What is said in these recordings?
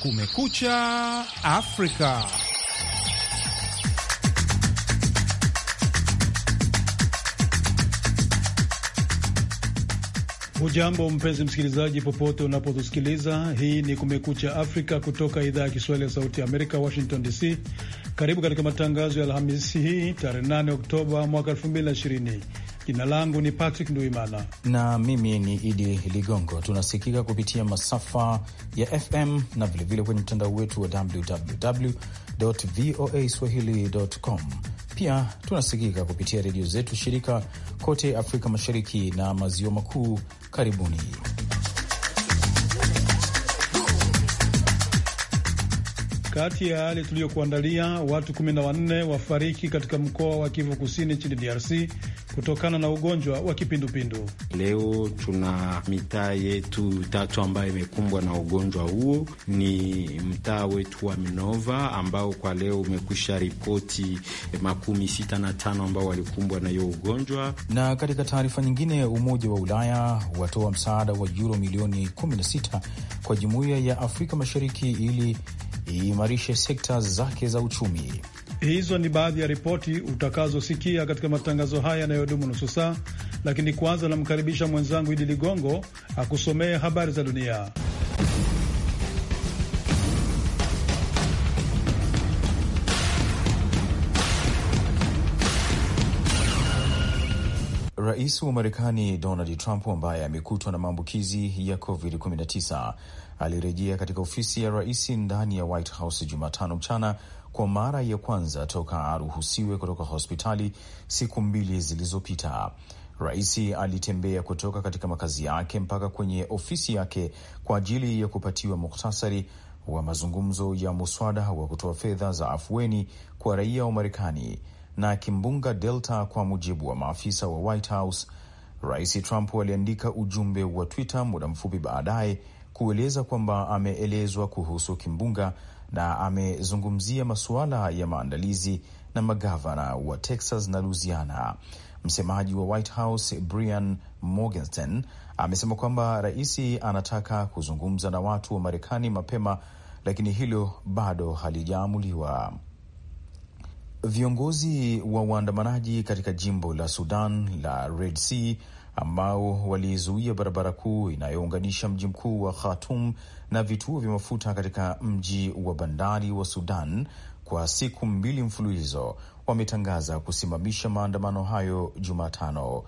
Kumekucha Afrika. Ujambo mpenzi msikilizaji, popote unapotusikiliza. Hii ni Kumekucha Afrika kutoka idhaa ya Kiswahili ya Sauti ya Amerika, Washington DC. Karibu katika matangazo ya Alhamisi hii tarehe 8 Oktoba mwaka 2020. Jina langu ni Patrick Nduimana na mimi ni Idi Ligongo. Tunasikika kupitia masafa ya FM na vilevile kwenye mtandao wetu wa www voa swahili.com. Pia tunasikika kupitia redio zetu shirika kote Afrika Mashariki na Maziwa Makuu. Karibuni. Kati ya hali tuliyokuandalia, watu 14 wafariki katika mkoa wa Kivu Kusini nchini DRC kutokana na ugonjwa wa kipindupindu. Leo tuna mitaa yetu tatu ambayo imekumbwa na ugonjwa huo. Ni mtaa wetu wa Minova ambao kwa leo umekwisha ripoti makumi sita na tano ambao walikumbwa na hiyo ugonjwa. Na katika taarifa nyingine, Umoja wa Ulaya watoa msaada wa yuro milioni 16 kwa Jumuiya ya Afrika Mashariki ili iimarishe sekta zake za uchumi. Hizo ni baadhi ya ripoti utakazosikia katika matangazo haya yanayodumu nusu saa, lakini kwanza namkaribisha mwenzangu Idi Ligongo akusomee habari za dunia. Rais wa Marekani Donald Trump ambaye amekutwa na maambukizi ya COVID-19 alirejea katika ofisi ya rais ndani ya White House Jumatano mchana kwa mara ya kwanza toka aruhusiwe kutoka hospitali siku mbili zilizopita. Rais alitembea kutoka katika makazi yake mpaka kwenye ofisi yake kwa ajili ya kupatiwa muktasari wa mazungumzo ya muswada wa kutoa fedha za afueni kwa raia wa Marekani na kimbunga Delta. Kwa mujibu wa maafisa wa White House, Rais Trump aliandika ujumbe wa Twitter muda mfupi baadaye kueleza kwamba ameelezwa kuhusu kimbunga na amezungumzia masuala ya maandalizi na magavana wa Texas na Louisiana. Msemaji wa White House Brian Morgenstern amesema kwamba rais anataka kuzungumza na watu wa Marekani mapema, lakini hilo bado halijaamuliwa. Viongozi wa waandamanaji katika jimbo la Sudan la Red Sea ambao walizuia barabara kuu inayounganisha mji mkuu wa Khartoum na vituo vya mafuta katika mji wa bandari wa Sudan kwa siku mbili mfululizo, wametangaza kusimamisha maandamano hayo Jumatano.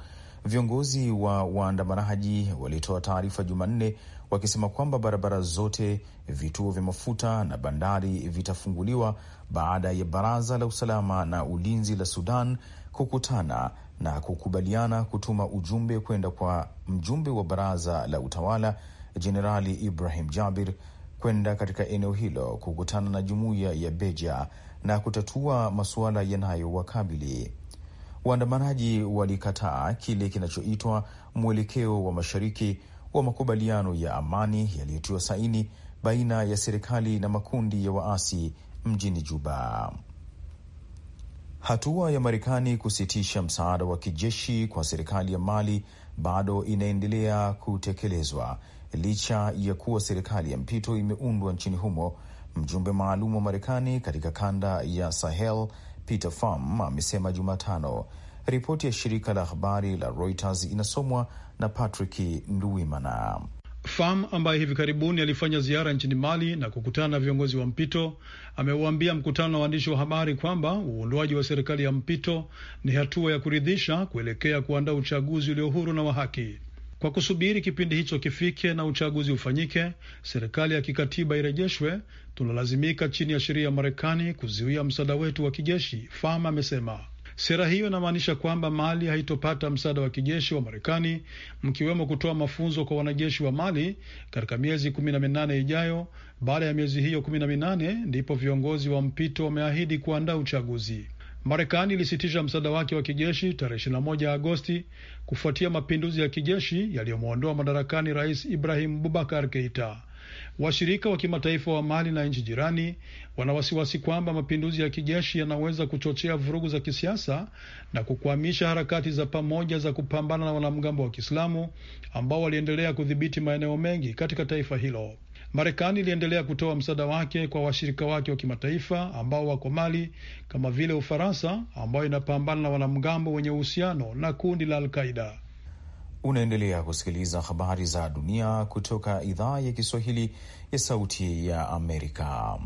Viongozi wa waandamanaji walitoa taarifa Jumanne wakisema kwamba barabara zote, vituo vya mafuta na bandari vitafunguliwa baada ya baraza la usalama na ulinzi la Sudan kukutana na kukubaliana kutuma ujumbe kwenda kwa mjumbe wa baraza la utawala Jenerali Ibrahim Jabir kwenda katika eneo hilo kukutana na jumuiya ya Beja na kutatua masuala yanayowakabili waandamanaji. Walikataa kile kinachoitwa mwelekeo wa mashariki wa makubaliano ya amani yaliyotiwa saini baina ya serikali na makundi ya waasi mjini Juba. Hatua ya Marekani kusitisha msaada wa kijeshi kwa serikali ya Mali bado inaendelea kutekelezwa licha ya kuwa serikali ya mpito imeundwa nchini humo. Mjumbe maalum wa Marekani katika kanda ya Sahel Peter Pham amesema Jumatano. Ripoti ya shirika la habari la Reuters inasomwa na Patrick Nduwimana. Fam ambaye hivi karibuni alifanya ziara nchini Mali na kukutana na viongozi wa mpito amewaambia mkutano wa waandishi wa habari kwamba uundwaji wa serikali ya mpito ni hatua ya kuridhisha kuelekea kuandaa uchaguzi ulio huru na wa haki. Kwa kusubiri kipindi hicho kifike na uchaguzi ufanyike, serikali ya kikatiba irejeshwe, tunalazimika chini ya sheria ya Marekani kuzuia msaada wetu wa kijeshi, Fam amesema. Sera hiyo inamaanisha kwamba Mali haitopata msaada wa kijeshi wa Marekani, mkiwemo kutoa mafunzo kwa wanajeshi wa Mali katika miezi kumi na minane ijayo. Baada ya miezi hiyo kumi na minane ndipo viongozi wa mpito wameahidi kuandaa uchaguzi. Marekani ilisitisha msaada wake wa kijeshi tarehe moja Agosti kufuatia mapinduzi ya kijeshi yaliyomwondoa madarakani Rais Ibrahim Bubakar Keita. Washirika wa kimataifa wa Mali na nchi jirani wana wasiwasi kwamba mapinduzi ya kijeshi yanaweza kuchochea vurugu za kisiasa na kukwamisha harakati za pamoja za kupambana na wanamgambo wa Kiislamu ambao waliendelea kudhibiti maeneo mengi katika taifa hilo. Marekani iliendelea kutoa msaada wake kwa washirika wake wa kimataifa ambao wako Mali kama vile Ufaransa ambayo inapambana na wanamgambo wenye uhusiano na kundi la Alqaida. Unaendelea kusikiliza habari za dunia kutoka idhaa ya Kiswahili ya Sauti ya Amerika.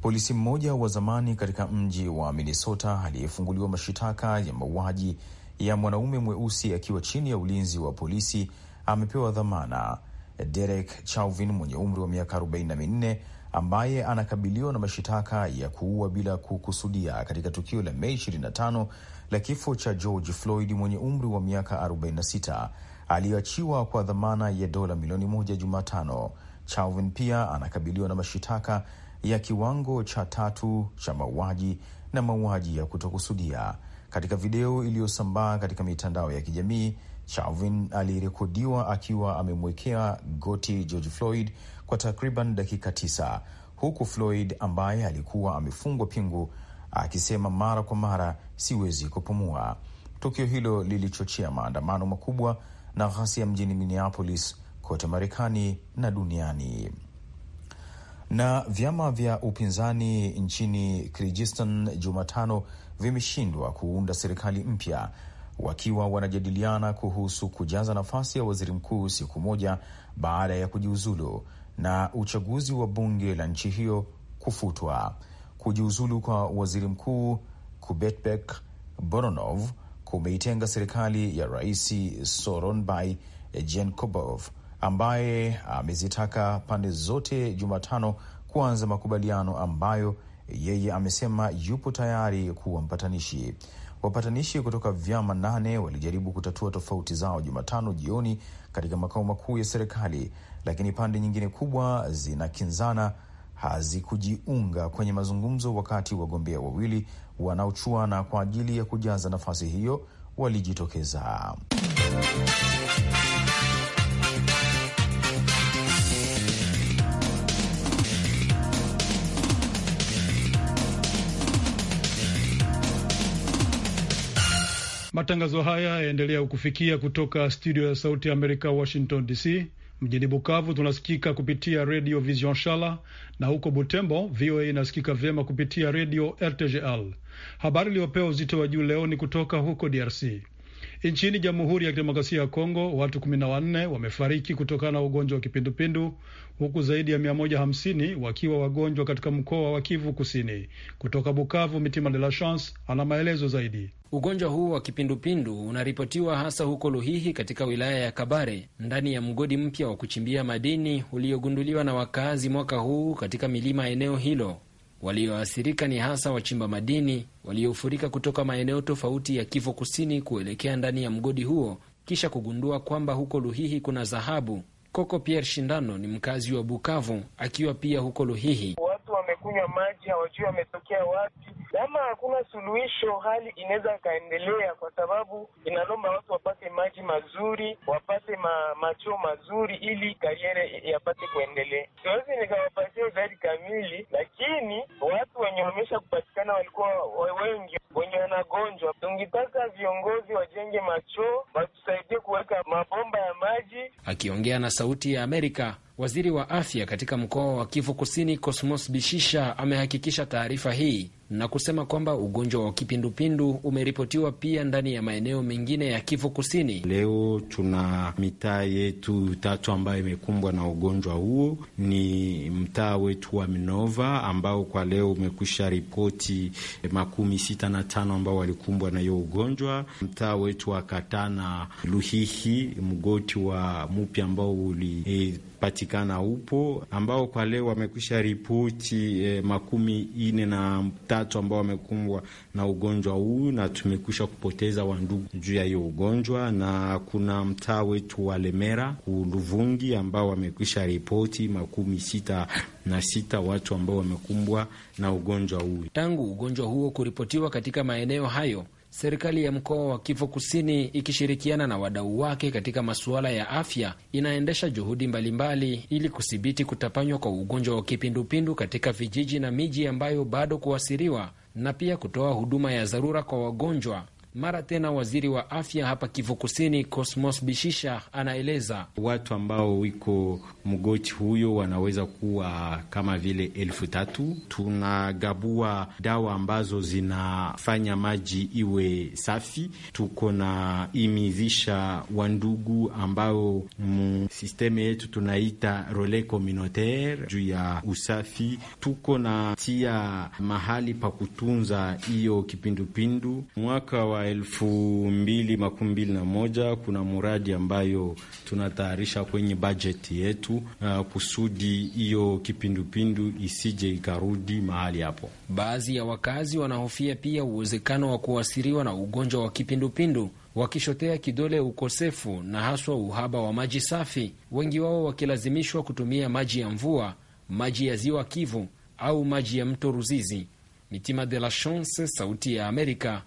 Polisi mmoja wa zamani katika mji wa Minnesota aliyefunguliwa mashitaka ya mauaji ya mwanaume mweusi akiwa chini ya ulinzi wa polisi amepewa dhamana. Derek Chauvin mwenye umri wa miaka minne ambaye anakabiliwa na mashitaka ya kuua bila kukusudia katika tukio la Mei 25 la kifo cha George Floyd mwenye umri wa miaka 46 aliyoachiwa kwa dhamana ya dola milioni moja Jumatano. Chauvin pia anakabiliwa na mashitaka ya kiwango cha tatu cha mauaji na mauaji ya kutokusudia. Katika video iliyosambaa katika mitandao ya kijamii, Chauvin alirekodiwa akiwa amemwekea goti George Floyd kwa takriban dakika tisa huku Floyd ambaye alikuwa amefungwa pingu akisema mara kwa mara, siwezi kupumua. Tukio hilo lilichochea maandamano makubwa na ghasia mjini Minneapolis kote Marekani na duniani. Na vyama vya upinzani nchini Kyrgyzstan Jumatano vimeshindwa kuunda serikali mpya wakiwa wanajadiliana kuhusu kujaza nafasi ya waziri mkuu siku moja baada ya kujiuzulu na uchaguzi wa bunge la nchi hiyo kufutwa. Kujiuzulu kwa waziri mkuu Kubetbek Boronov kumeitenga serikali ya Rais Soronbay Jenkobov ambaye amezitaka pande zote Jumatano kuanza makubaliano ambayo yeye amesema yupo tayari kuwa mpatanishi. Wapatanishi kutoka vyama nane walijaribu kutatua tofauti zao Jumatano jioni katika makao makuu ya serikali, lakini pande nyingine kubwa zinakinzana hazikujiunga kwenye mazungumzo, wakati wagombea wawili wanaochuana kwa ajili ya kujaza nafasi hiyo walijitokeza. Matangazo haya yaendelea kukufikia kutoka studio ya Sauti ya Amerika, Washington DC. Mjini Bukavu tunasikika kupitia redio Vision Shala na huko Butembo VOA inasikika vyema kupitia redio RTGL. Habari iliyopewa uzito wa juu leo ni kutoka huko DRC. Nchini Jamhuri ya Kidemokrasia ya Kongo watu kumi na wanne wamefariki kutokana na ugonjwa wa kipindupindu huku zaidi ya mia moja hamsini wakiwa wagonjwa katika mkoa wa Kivu Kusini. Kutoka Bukavu, Mitima de la Chance ana maelezo zaidi. Ugonjwa huu wa kipindupindu unaripotiwa hasa huko Luhihi katika wilaya ya Kabare ndani ya mgodi mpya wa kuchimbia madini uliogunduliwa na wakaazi mwaka huu katika milima eneo hilo. Walioathirika ni hasa wachimba madini waliofurika kutoka maeneo tofauti ya Kivu Kusini kuelekea ndani ya mgodi huo kisha kugundua kwamba huko Luhihi kuna dhahabu. Koko Pierre Shindano ni mkazi wa Bukavu akiwa pia huko Luhihi wamekunywa maji, hawajui wametokea wapi. Kama hakuna suluhisho, hali inaweza ikaendelea, kwa sababu inalomba watu wapate maji mazuri, wapate ma, machoo mazuri, ili kariere yapate kuendelea. Siwezi nikawapatia idadi kamili, lakini watu wenye wamesha kupatikana walikuwa wengi, wenye wanagonjwa. Tungitaka viongozi wajenge machoo, watusaidie kuweka mabomba ya maji. Akiongea na Sauti ya Amerika, waziri wa afya katika mkoa wa Kivu Kusini, Cosmos Bishi amehakikisha taarifa hii na kusema kwamba ugonjwa wa kipindupindu umeripotiwa pia ndani ya maeneo mengine ya Kivu Kusini. Leo tuna mitaa yetu tatu ambayo imekumbwa na ugonjwa huo, ni mtaa wetu wa Minova ambao kwa leo umekwisha ripoti makumi sita na tano ambao walikumbwa na hiyo ugonjwa, mtaa wetu wa Katana, Luhihi, mgoti wa Mupya ambao ulipatikana e, upo ambao kwa leo wamekwisha ripoti e, makumi ine na tatu watu ambao wamekumbwa na ugonjwa huu na tumekwisha kupoteza wandugu juu ya hiyo ugonjwa, na kuna mtaa wetu wa Lemera kuluvungi ambao wamekwisha ripoti makumi sita na sita watu ambao wamekumbwa na ugonjwa huu. Tangu ugonjwa huo kuripotiwa katika maeneo hayo Serikali ya mkoa wa Kivu Kusini ikishirikiana na wadau wake katika masuala ya afya inaendesha juhudi mbalimbali ili kudhibiti kutapanywa kwa ugonjwa wa kipindupindu katika vijiji na miji ambayo bado kuathiriwa na pia kutoa huduma ya dharura kwa wagonjwa mara tena waziri wa afya hapa Kivu Kusini, Cosmos Bishisha, anaeleza watu ambao wiko mgochi huyo wanaweza kuwa kama vile elfu tatu. Tunagabua dawa ambazo zinafanya maji iwe safi. Tuko na imizisha wandugu ambao msisteme yetu tunaita role communautaire juu ya usafi. Tuko na tia mahali pa kutunza hiyo kipindupindu mwaka wa mwaka elfu mbili makumi mbili na moja kuna muradi ambayo tunatayarisha kwenye bajeti yetu uh, kusudi hiyo kipindupindu isije ikarudi mahali hapo. Baadhi ya wakazi wanahofia pia uwezekano wa kuathiriwa na ugonjwa wa kipindupindu wakishotea kidole ukosefu na haswa uhaba wa maji safi, wengi wao wakilazimishwa kutumia maji ya mvua, maji ya ziwa Kivu au maji ya mto Ruzizi. Mitima de la Chance, Sauti ya Amerika,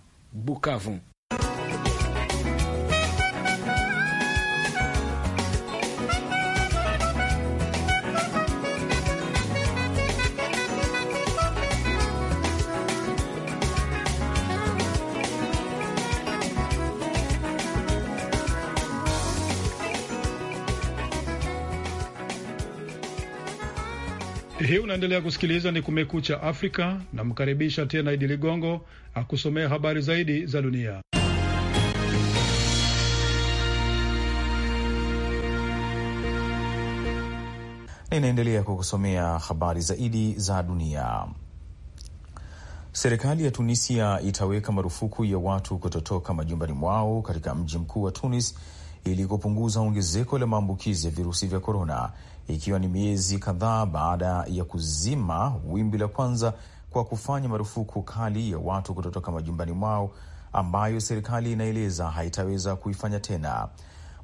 Bucavum. Hii unaendelea kusikiliza ni Kumekucha Afrika. Namkaribisha tena Idi Ligongo akusomea habari zaidi za dunia. Ninaendelea kukusomea habari zaidi za dunia. Serikali ya Tunisia itaweka marufuku ya watu kutotoka majumbani mwao katika mji mkuu wa Tunis ili kupunguza ongezeko la maambukizi ya virusi vya korona ikiwa ni miezi kadhaa baada ya kuzima wimbi la kwanza kwa kufanya marufuku kali ya watu kutotoka majumbani mwao ambayo serikali inaeleza haitaweza kuifanya tena.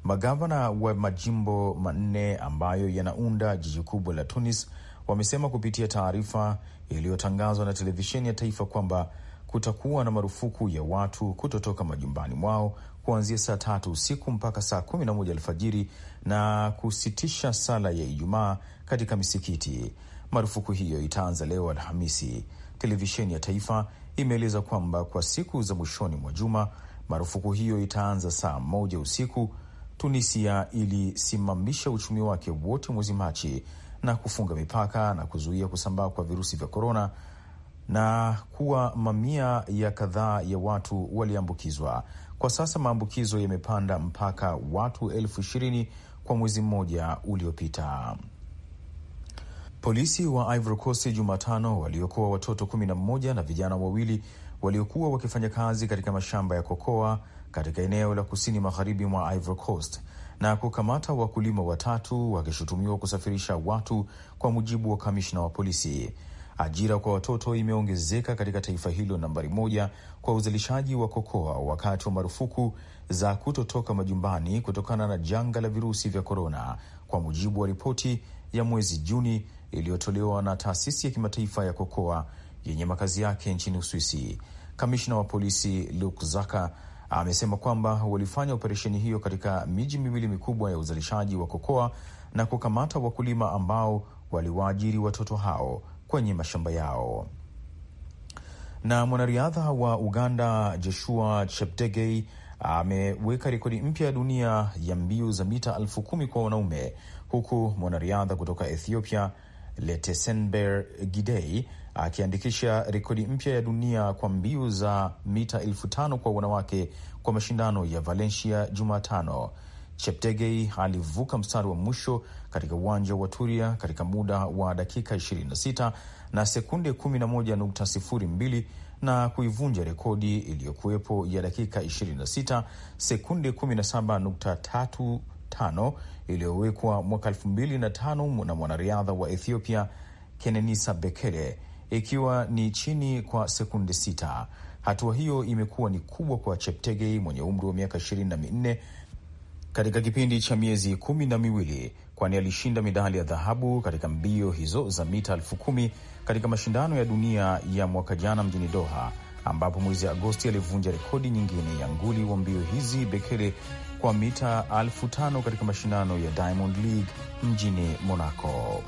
Magavana wa majimbo manne ambayo yanaunda jiji kubwa la Tunis wamesema kupitia taarifa iliyotangazwa na televisheni ya taifa kwamba kutakuwa na marufuku ya watu kutotoka majumbani mwao kuanzia saa tatu usiku mpaka saa kumi na moja alfajiri na kusitisha sala ya Ijumaa katika misikiti. Marufuku hiyo itaanza leo Alhamisi. Televisheni ya taifa imeeleza kwamba kwa siku za mwishoni mwa juma marufuku hiyo itaanza saa moja usiku. Tunisia ilisimamisha uchumi wake wote mwezi Machi na kufunga mipaka na kuzuia kusambaa kwa virusi vya korona na kuwa mamia ya kadhaa ya watu waliambukizwa. Kwa sasa maambukizo yamepanda mpaka watu elfu ishirini kwa mwezi mmoja uliopita. Polisi wa Ivory Coast Jumatano waliokoa watoto kumi na mmoja na vijana wawili waliokuwa wakifanya kazi katika mashamba ya kokoa katika eneo la kusini magharibi mwa Ivory Coast na kukamata wakulima watatu wakishutumiwa kusafirisha watu, kwa mujibu wa kamishna wa polisi. Ajira kwa watoto imeongezeka katika taifa hilo nambari moja kwa uzalishaji wa kokoa wakati wa marufuku za kutotoka majumbani kutokana na janga la virusi vya korona, kwa mujibu wa ripoti ya mwezi Juni iliyotolewa na taasisi ya kimataifa ya kokoa yenye makazi yake nchini Uswisi. Kamishna wa polisi luk Zaka amesema kwamba walifanya operesheni hiyo katika miji miwili mikubwa ya uzalishaji wa kokoa na kukamata wakulima ambao waliwaajiri watoto hao kwenye mashamba yao. Na mwanariadha wa Uganda Joshua Cheptegei ameweka rekodi mpya ya dunia ya mbio za mita elfu kumi kwa wanaume, huku mwanariadha kutoka Ethiopia Letesenber Gidei akiandikisha rekodi mpya ya dunia kwa mbio za mita elfu tano kwa wanawake kwa mashindano ya Valencia Jumatano. Cheptegei alivuka mstari wa mwisho katika uwanja wa Turia katika muda wa dakika 26 na sekunde 11.02 na kuivunja rekodi iliyokuwepo ya dakika 26 sekunde 17.35 iliyowekwa mwaka 2005 na mwanariadha wa Ethiopia Kenenisa Bekele ikiwa ni chini kwa sekunde sita. Hatua hiyo imekuwa ni kubwa kwa Cheptegei mwenye umri wa miaka ishirini na minne katika kipindi cha miezi kumi na miwili, kwani alishinda midali ya dhahabu katika mbio hizo za mita elfu kumi katika mashindano ya dunia ya mwaka jana mjini Doha, ambapo mwezi Agosti alivunja rekodi nyingine ya nguli wa mbio hizi Bekele kwa mita elfu tano katika mashindano ya Diamond League mjini Monaco.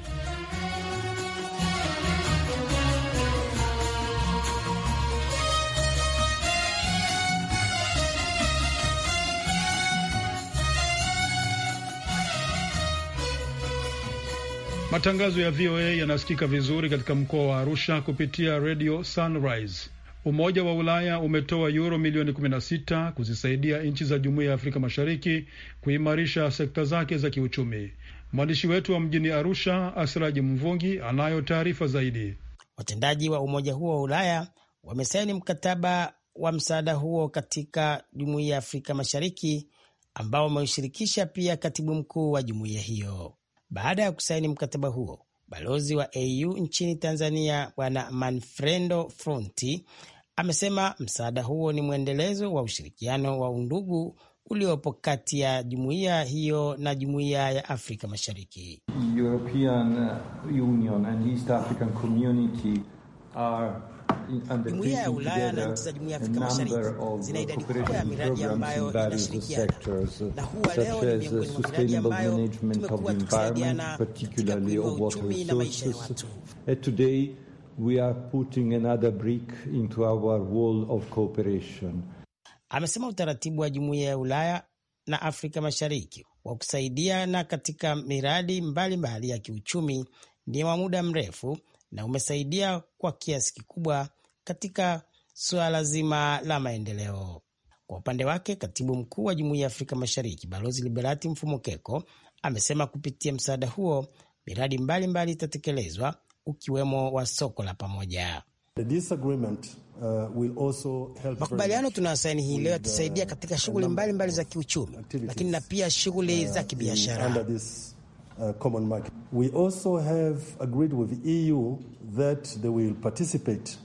Matangazo ya VOA yanasikika vizuri katika mkoa wa Arusha kupitia Radio Sunrise. Umoja wa Ulaya umetoa yuro milioni 16 kuzisaidia nchi za Jumuiya ya Afrika Mashariki kuimarisha sekta zake za kiuchumi. Mwandishi wetu wa mjini Arusha, Asiraji Mvungi, anayo taarifa zaidi. Watendaji wa umoja huo wa Ulaya wamesaini mkataba wa msaada huo katika Jumuiya ya Afrika Mashariki ambao wameushirikisha pia katibu mkuu wa jumuiya hiyo. Baada ya kusaini mkataba huo, balozi wa AU nchini Tanzania Bwana Manfredo Fronti amesema msaada huo ni mwendelezo wa ushirikiano wa undugu uliopo kati ya jumuiya hiyo na jumuiya ya Afrika Mashariki. European Union and East African Community are Jumuiya ya Ulaya na nchi za Jumuiya ya Afrika Mashariki zina idadi kubwa ya miradi ambayo inashirikiana, na huwa leo ni miongoni mwa miradi ambayo tumekuwa tukisaidiana katika kuinua uchumi na maisha ya watu. We are putting another brick into our wall of cooperation. Amesema utaratibu wa Jumuiya ya Ulaya na Afrika Mashariki wa kusaidiana katika miradi mbalimbali mbali ya kiuchumi ni wa muda mrefu na umesaidia kwa kiasi kikubwa katika suala zima la maendeleo. Kwa upande wake, katibu mkuu wa Jumuiya ya Afrika Mashariki Balozi Liberati Mfumukeko amesema kupitia msaada huo miradi mbalimbali itatekelezwa ukiwemo wa soko la pamoja. Uh, Makubaliano tunayosaini hii leo yatasaidia katika shughuli mbalimbali za kiuchumi, lakini na pia shughuli za uh, kibiashara uh, common market. We also have agreed with the EU that they will participate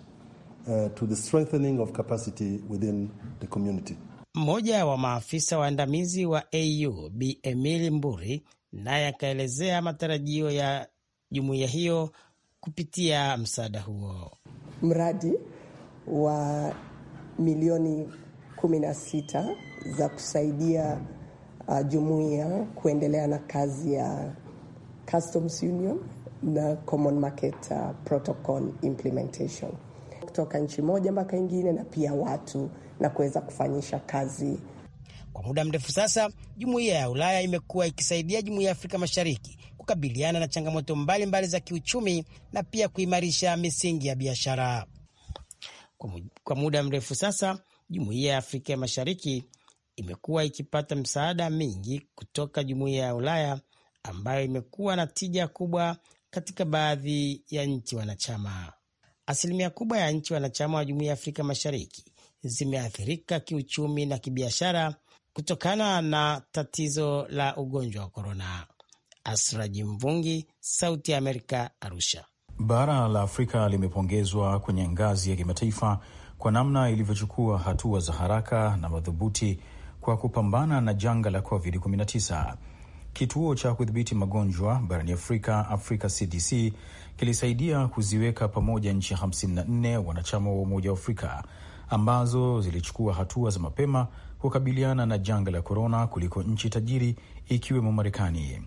uh, to the strengthening of capacity within the community. Mmoja wa maafisa waandamizi wa AU Bi Emil Mburi naye akaelezea matarajio ya jumuiya hiyo kupitia msaada huo. Mradi wa milioni kumi na sita za kusaidia uh, jumuiya kuendelea na kazi ya Customs Union na Common Market uh, Protocol implementation kutoka nchi moja mpaka ingine, na pia watu na kuweza kufanyisha kazi kwa muda mrefu. Sasa jumuiya ya Ulaya imekuwa ikisaidia jumuiya ya Afrika Mashariki kukabiliana na changamoto mbalimbali mbali za kiuchumi na pia kuimarisha misingi ya biashara. Kwa muda mrefu sasa jumuiya ya Afrika ya Mashariki imekuwa ikipata msaada mingi kutoka jumuiya ya Ulaya ambayo imekuwa na tija kubwa katika baadhi ya nchi wanachama. Asilimia kubwa ya nchi wanachama wa Jumuiya ya Afrika Mashariki zimeathirika kiuchumi na kibiashara kutokana na tatizo la ugonjwa wa korona. Asraji Mvungi, Sauti ya Amerika, Arusha. Bara la Afrika limepongezwa kwenye ngazi ya kimataifa kwa namna ilivyochukua hatua za haraka na madhubuti kwa kupambana na janga la COVID-19. Kituo cha kudhibiti magonjwa barani Afrika, Africa CDC, kilisaidia kuziweka pamoja nchi 54 wanachama wa Umoja wa Afrika ambazo zilichukua hatua za mapema kukabiliana na janga la korona kuliko nchi tajiri ikiwemo Marekani.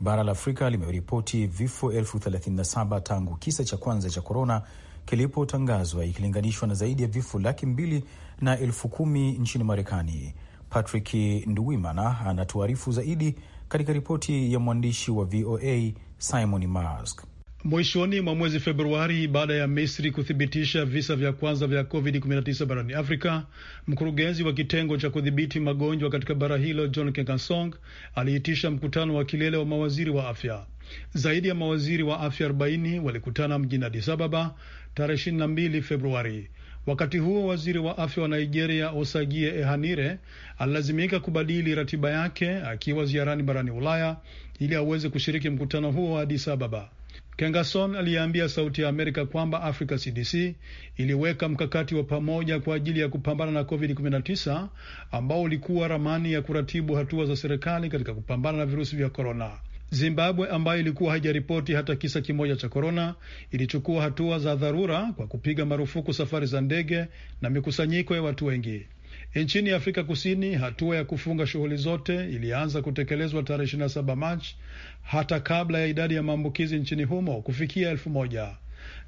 Bara la Afrika limeripoti vifo elfu 37 tangu kisa cha kwanza cha korona kilipotangazwa ikilinganishwa na zaidi ya vifo laki mbili na elfu kumi nchini Marekani. Patrick Nduwimana anatuarifu zaidi katika ripoti ya mwandishi wa VOA Simon Mask. Mwishoni mwa mwezi Februari, baada ya Misri kuthibitisha visa vya kwanza vya COVID-19 barani Afrika, mkurugenzi wa kitengo cha kudhibiti magonjwa katika bara hilo John Kengasong aliitisha mkutano wa kilele wa mawaziri wa afya. Zaidi ya mawaziri wa afya 40 walikutana mjini Addis Ababa tarehe 22 Februari. Wakati huo waziri wa afya wa Nigeria Osagie Ehanire alilazimika kubadili ratiba yake akiwa ziarani barani Ulaya ili aweze kushiriki mkutano huo wa Adis Ababa. Kengason aliyeambia Sauti ya Amerika kwamba Africa CDC iliweka mkakati wa pamoja kwa ajili ya kupambana na COVID-19 ambao ulikuwa ramani ya kuratibu hatua za serikali katika kupambana na virusi vya korona. Zimbabwe ambayo ilikuwa haijaripoti hata kisa kimoja cha korona ilichukua hatua za dharura kwa kupiga marufuku safari za ndege na mikusanyiko ya watu wengi. Nchini Afrika Kusini, hatua ya kufunga shughuli zote ilianza kutekelezwa tarehe 27 Machi, hata kabla ya idadi ya maambukizi nchini humo kufikia elfu moja.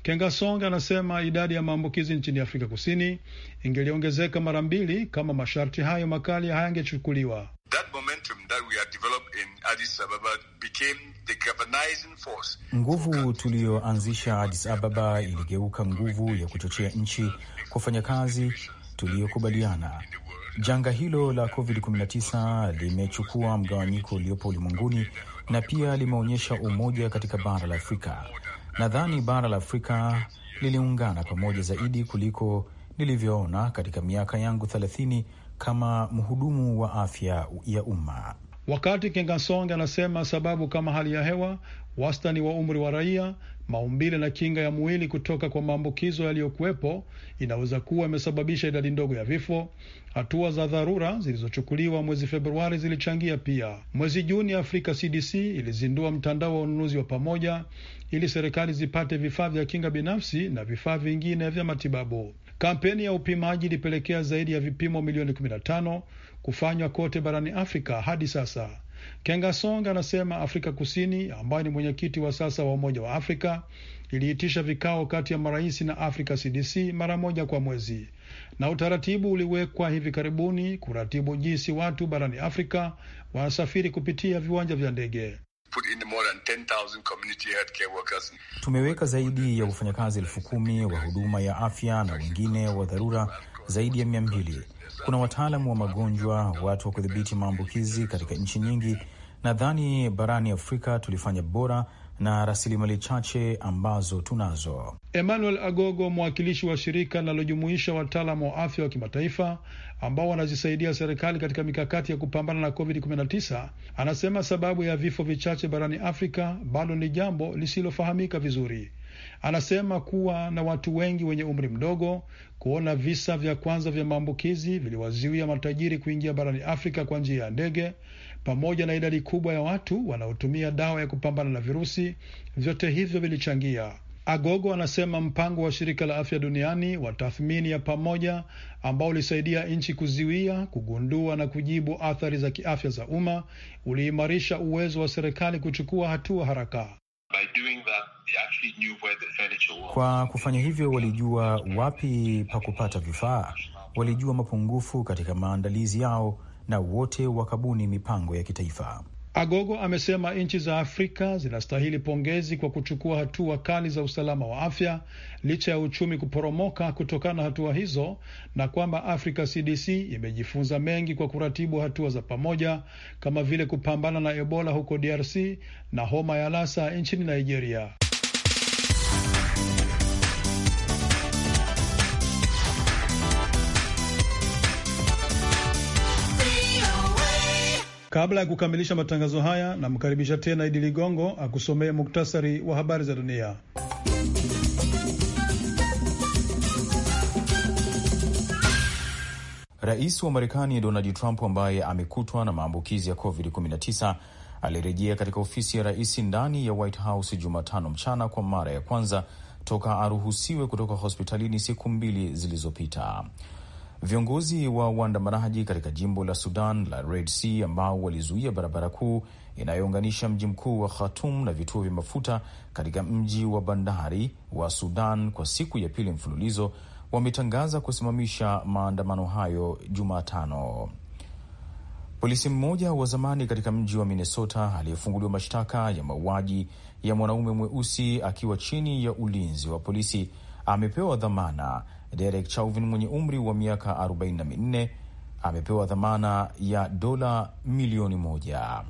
Kengasong anasema idadi ya maambukizi nchini Afrika Kusini ingeliongezeka mara mbili kama masharti hayo makali hayangechukuliwa. That momentum that Addis Ababa became the galvanizing force. Nguvu tuliyoanzisha Addis Ababa iligeuka nguvu ya kuchochea nchi kufanya kazi tuliyokubaliana. Janga hilo la COVID-19 limechukua mgawanyiko uliopo ulimwenguni na pia limeonyesha umoja katika bara la Afrika. Nadhani bara la Afrika liliungana pamoja zaidi kuliko nilivyoona katika miaka yangu 30 kama mhudumu wa afya ya umma wakati Kengasonge anasema sababu kama hali ya hewa, wastani wa umri wa raia, maumbile na kinga ya mwili kutoka kwa maambukizo yaliyokuwepo inaweza kuwa imesababisha idadi ndogo ya vifo. Hatua za dharura zilizochukuliwa mwezi Februari zilichangia pia. Mwezi Juni, Afrika CDC ilizindua mtandao wa ununuzi wa pamoja ili serikali zipate vifaa vya kinga binafsi na vifaa vingine vya matibabu. Kampeni ya upimaji ilipelekea zaidi ya vipimo milioni 15 kufanywa kote barani Afrika hadi sasa. Kengasong anasema Afrika Kusini, ambayo ni mwenyekiti wa sasa wa Umoja wa Afrika, iliitisha vikao kati ya marais na Afrika CDC mara moja kwa mwezi, na utaratibu uliwekwa hivi karibuni kuratibu jinsi watu barani Afrika wanasafiri kupitia viwanja vya ndege. Tumeweka zaidi ya wafanyakazi elfu kumi wa huduma ya afya na wengine wa dharura zaidi ya mia mbili kuna wataalamu wa magonjwa, watu wa kudhibiti maambukizi katika nchi nyingi. Nadhani barani Afrika tulifanya bora na rasilimali chache ambazo tunazo. Emmanuel Agogo, mwakilishi wa shirika linalojumuisha wataalamu wa afya wa kimataifa ambao wanazisaidia serikali katika mikakati ya kupambana na COVID-19, anasema sababu ya vifo vichache barani Afrika bado ni jambo lisilofahamika vizuri. Anasema kuwa na watu wengi wenye umri mdogo kuona visa vya kwanza vya maambukizi viliwazuia matajiri kuingia barani Afrika kwa njia ya ndege, pamoja na idadi kubwa ya watu wanaotumia dawa ya kupambana na virusi. Vyote hivyo vilichangia. Agogo anasema mpango wa shirika la afya duniani wa tathmini ya pamoja ambao ulisaidia nchi kuziwia, kugundua na kujibu athari za kiafya za umma uliimarisha uwezo wa serikali kuchukua hatua haraka. By doing that, kwa kufanya hivyo, walijua wapi pa kupata vifaa, walijua mapungufu katika maandalizi yao, na wote wakabuni mipango ya kitaifa. Agogo amesema nchi za Afrika zinastahili pongezi kwa kuchukua hatua kali za usalama wa afya licha ya uchumi kuporomoka kutokana na hatua hizo, na kwamba afrika CDC imejifunza mengi kwa kuratibu hatua za pamoja kama vile kupambana na Ebola huko DRC na homa ya Lassa nchini Nigeria. Kabla ya kukamilisha matangazo haya, namkaribisha tena Idi Ligongo akusomee muktasari wa habari za dunia. Rais wa Marekani Donald Trump ambaye amekutwa na maambukizi ya COVID-19 alirejea katika ofisi ya rais ndani ya White House Jumatano mchana kwa mara ya kwanza toka aruhusiwe kutoka hospitalini siku mbili zilizopita. Viongozi wa waandamanaji katika jimbo la Sudan la Red Sea ambao walizuia barabara kuu inayounganisha mji mkuu wa Khartoum na vituo vya mafuta katika mji wa bandari wa Sudan kwa siku ya pili mfululizo wametangaza kusimamisha maandamano hayo Jumatano. Polisi mmoja wa zamani katika mji wa Minnesota aliyefunguliwa mashtaka ya mauaji ya mwanaume mweusi akiwa chini ya ulinzi wa polisi amepewa dhamana. Derek Chauvin mwenye umri wa miaka 44 amepewa dhamana ya dola milioni moja.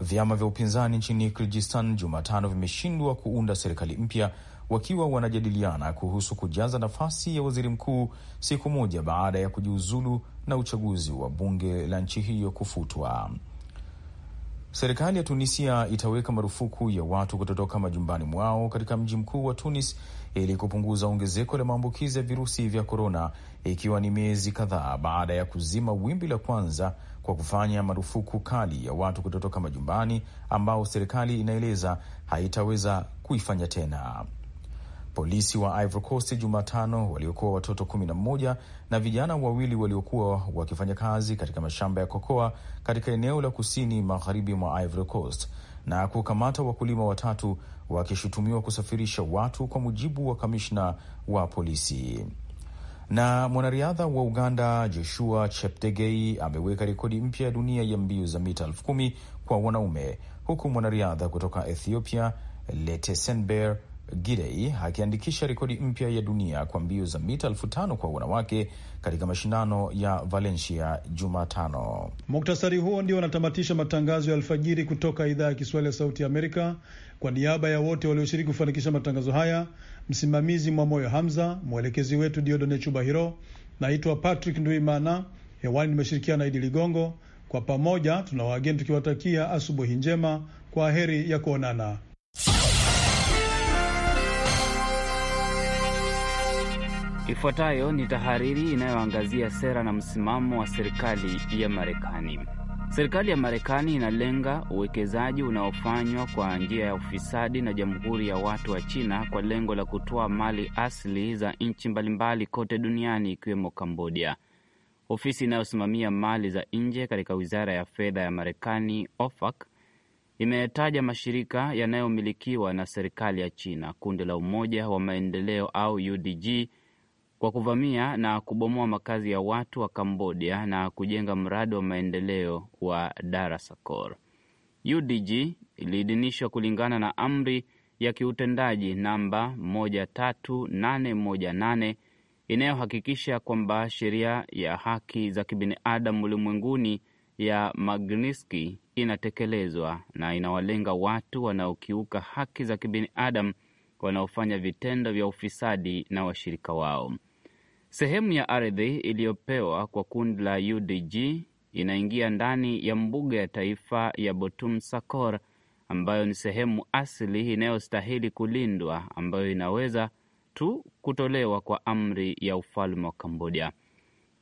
Vyama vya upinzani nchini Kirgistan Jumatano vimeshindwa kuunda serikali mpya wakiwa wanajadiliana kuhusu kujaza nafasi ya waziri mkuu siku moja baada ya kujiuzulu na uchaguzi wa bunge la nchi hiyo kufutwa. Serikali ya Tunisia itaweka marufuku ya watu kutotoka majumbani mwao katika mji mkuu wa Tunis ili kupunguza ongezeko la maambukizi ya virusi vya korona, ikiwa ni miezi kadhaa baada ya kuzima wimbi la kwanza kwa kufanya marufuku kali ya watu kutotoka majumbani, ambao serikali inaeleza haitaweza kuifanya tena. Polisi wa Ivory Coast Jumatano waliokuwa watoto kumi na mmoja na vijana wawili waliokuwa wakifanya kazi katika mashamba ya kokoa katika eneo la kusini magharibi mwa Ivory Coast na kukamata wakulima watatu wakishutumiwa kusafirisha watu, kwa mujibu wa kamishna wa polisi. Na mwanariadha wa Uganda Joshua Cheptegei ameweka rekodi mpya ya dunia ya mbio za mita elfu kumi kwa wanaume, huku mwanariadha kutoka Ethiopia Letesenber Girey akiandikisha rekodi mpya ya dunia kwa mbio za mita elfu tano kwa wanawake katika mashindano ya Valencia Jumatano. Muktasari huo ndio anatamatisha matangazo ya alfajiri kutoka idhaa ya Kiswahili ya Sauti ya Amerika. Kwa niaba ya wote walioshiriki kufanikisha matangazo haya, msimamizi Mwamoyo Hamza, mwelekezi wetu Diodone Chubahiro. Naitwa Patrick Nduimana, hewani nimeshirikiana na Idi Ligongo. Kwa pamoja tuna wageni tukiwatakia asubuhi njema, kwa heri ya kuonana. Ifuatayo ni tahariri inayoangazia sera na msimamo wa serikali ya Marekani. Serikali ya Marekani inalenga uwekezaji unaofanywa kwa njia ya ufisadi na Jamhuri ya Watu wa China kwa lengo la kutoa mali asili za nchi mbalimbali kote duniani ikiwemo Kambodia. Ofisi inayosimamia mali za nje katika Wizara ya Fedha ya Marekani, OFAC, imetaja mashirika yanayomilikiwa na serikali ya China. Kundi la Umoja wa Maendeleo au UDG kwa kuvamia na kubomoa makazi ya watu wa Kambodia na kujenga mradi wa maendeleo wa Darasakor. UDG iliidhinishwa kulingana na amri ya kiutendaji namba 13818 inayohakikisha kwamba sheria ya haki za kibinadamu ulimwenguni ya Magnitsky inatekelezwa na inawalenga watu wanaokiuka haki za kibinadamu, wanaofanya vitendo vya ufisadi na washirika wao. Sehemu ya ardhi iliyopewa kwa kundi la UDG inaingia ndani ya mbuga ya taifa ya Botum Sakor ambayo ni sehemu asili inayostahili kulindwa ambayo inaweza tu kutolewa kwa amri ya ufalme wa Kambodia.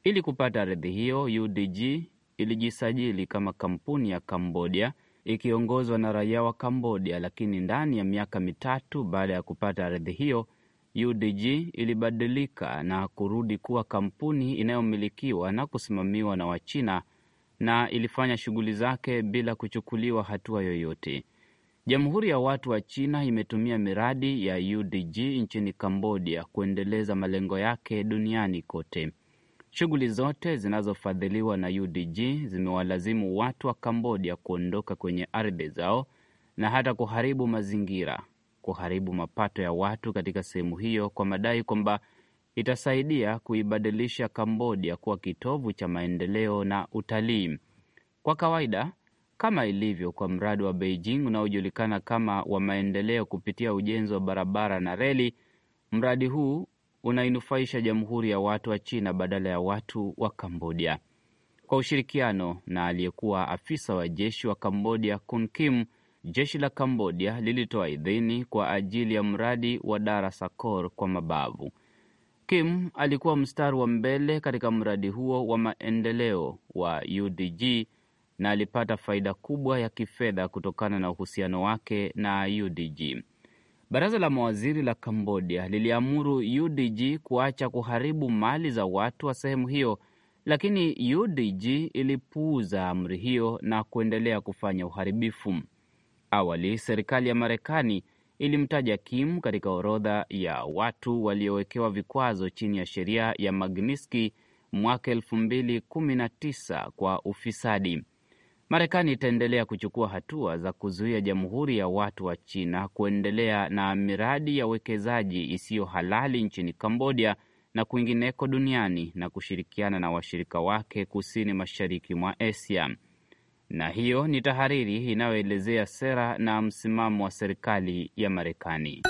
Ili kupata ardhi hiyo, UDG ilijisajili kama kampuni ya Kambodia ikiongozwa na raia wa Kambodia, lakini ndani ya miaka mitatu baada ya kupata ardhi hiyo UDG ilibadilika na kurudi kuwa kampuni inayomilikiwa na kusimamiwa na Wachina na ilifanya shughuli zake bila kuchukuliwa hatua yoyote. Jamhuri ya Watu wa China imetumia miradi ya UDG nchini Kambodia kuendeleza malengo yake duniani kote. Shughuli zote zinazofadhiliwa na UDG zimewalazimu watu wa Kambodia kuondoka kwenye ardhi zao na hata kuharibu mazingira kuharibu mapato ya watu katika sehemu hiyo kwa madai kwamba itasaidia kuibadilisha Kambodia kuwa kitovu cha maendeleo na utalii. Kwa kawaida, kama ilivyo kwa mradi wa Beijing unaojulikana kama wa maendeleo kupitia ujenzi wa barabara na reli, mradi huu unainufaisha Jamhuri ya Watu wa China badala ya watu wa Kambodia. Kwa ushirikiano na aliyekuwa afisa wa jeshi wa Kambodia Kun Kim Jeshi la Kambodia lilitoa idhini kwa ajili ya mradi wa Dara Sakor kwa mabavu. Kim alikuwa mstari wa mbele katika mradi huo wa maendeleo wa UDG na alipata faida kubwa ya kifedha kutokana na uhusiano wake na UDG. Baraza la mawaziri la Kambodia liliamuru UDG kuacha kuharibu mali za watu wa sehemu hiyo, lakini UDG ilipuuza amri hiyo na kuendelea kufanya uharibifu. Awali serikali ya Marekani ilimtaja Kim katika orodha ya watu waliowekewa vikwazo chini ya sheria ya Magnitsky mwaka elfu mbili kumi na tisa kwa ufisadi. Marekani itaendelea kuchukua hatua za kuzuia Jamhuri ya Watu wa China kuendelea na miradi ya uwekezaji isiyo halali nchini Kambodia na kwingineko duniani na kushirikiana na washirika wake kusini mashariki mwa Asia na hiyo ni tahariri inayoelezea sera na msimamo wa serikali ya Marekani.